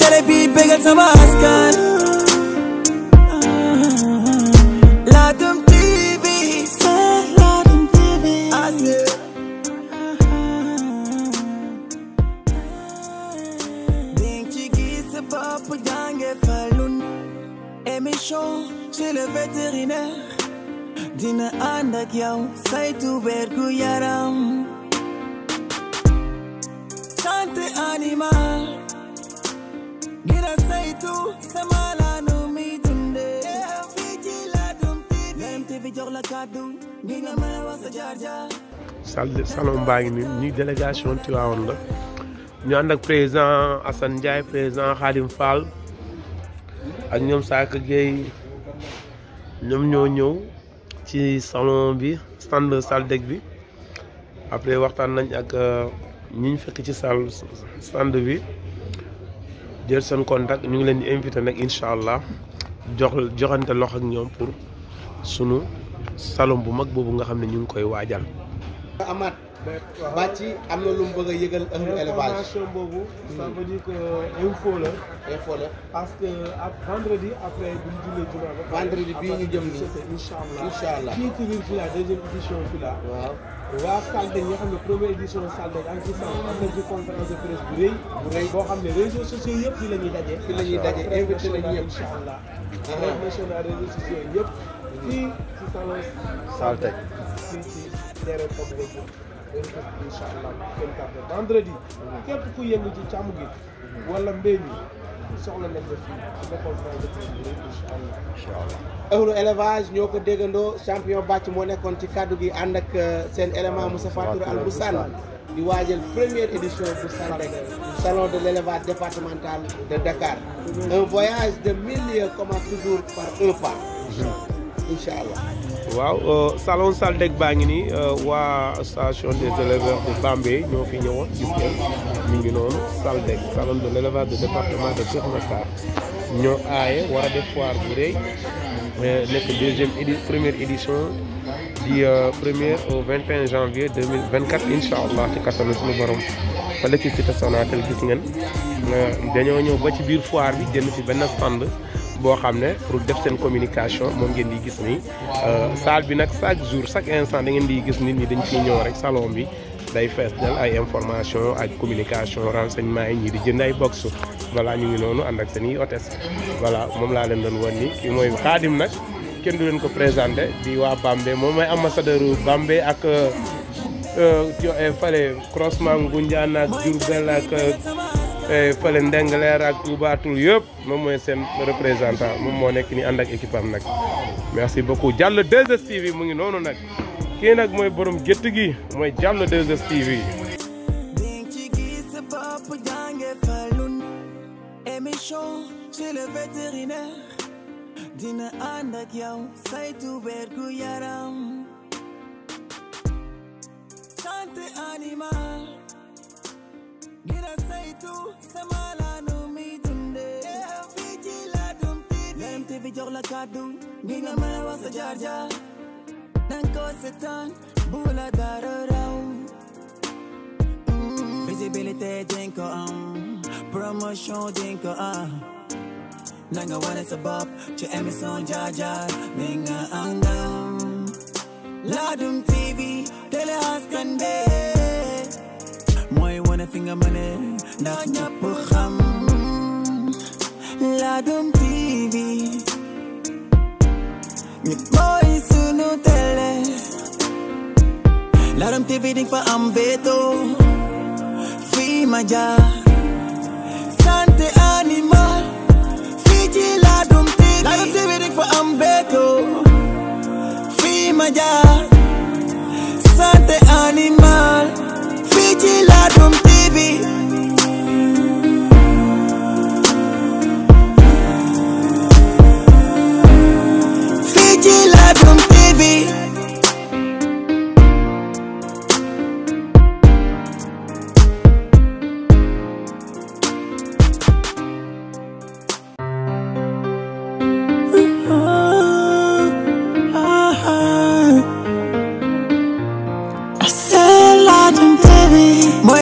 télé bi bégal sama askan Ladoum TV Ladoum TV ding gis sa bopp jànge falun émission chez le vétérinaire dina ànd ak yow saytu yaram santé animal la saytu sama la nu ci Ladoum la kàddu bi nga mën a wax salon baa ngi ni ñi délégation Tivaouane la ñu ànd ak président Assane Ndiaye président Khadim ak ñoom Sakho Gueye ñoom ñoo ñëw ci salon bi stand Saldec bi après waxtaan nañ ak euh, ñi fekk ci salle stand bi jël seen contact ñu ngi leen di invité nag incha allah jox joxante loxo ak ñoom pour sunu salon bu mag boobu nga xam ne ñu ngi koy waajal. na lu mu bëgg a waa Saldeng nga xam ne première édition Saldeng ak gis naa am nañ ci conférence de presse bu rëy. bu rëy boo xam ne réseaux sociaux yëpp la ñuy daje. fi la ñuy daje invité la ñuy yëpp incha allah. international réseaux sociaux yëpp. fii ci salon Saldeng. fii ci terrain Pape Diop. incha allah 24 vendredi. Mm-hmm. képp ku yëngu ci càmm gi. wala mbéy mi. soxla nañ ñoo ko déggandoo champion bàcc moo nekkoon ci kàddu gi ànd ak euh, seen élément Moussa Fatou Al Boussane di waajal première édition bu salon de l'élevage départemental de Dakar un voyage de mille lieues toujours par un pas. Mm-hmm. incha allah. waaw euh, salon Saldek baa ngi nii euh, waa association des éleveurs de Bambey ñoo fi ñëwoon gis ngeen ñu ngi noonu Saldek salon de l'élevage de département de Kër Massar ñoo aaye war a def foire bu rëy euh, nekk deuxième édi première édition di première au 21 janvier 2024 incha allah ci kattanu suñu borom fële ci cité Sonatel gis ngeen dañoo ñëw ba ci biir foire bi jënd fi benn stand. boo xam ne pour def seen communication moom ngeen di gis nii euh, salle bi nag chaque jour chaque instant da ngeen di gis nit ñi dañ fiy ñëw rek salon bi day fees dal ay information ak communication renseignement yi ñii di jënd ay box voilà ñu ngi noonu ànd ak seen i hôtesse moom laa leen doon wan ni kii mooy xaadim nag kenn du leen ko présenté di waa Bambey moom mooy ambassadeur Bambey ak euh, euh, fale croisement Ngoundiane ak Diourbel ak Eh, fële Ndengler ak Touba Toul yëpp moom mooy seen représentant moom moo nekk ni ànd ak am nag merci beaucoup Diallo 2STV mu ngi noonu nag kii nag mooy borom gétt gi mooy Diallo 2STV dina ànd ak yow saytu wergu yaram saytu sama laanu mi dundee fii jox la kàddu gi nga sa jaar la dara raw mm-hmm. visibilité dinga ko am promotion dinga ko am na nga ci émission jaar-jaar nga am ndam Ladoum TV télé askan mooy wane fi nga mën ndax ñëpp xam Ladoum TV nit mooy sunu télé Ladoum TV di fa am béto fii ma santé animal fii ci Ladoum TV Ladoum fa am béto fii ma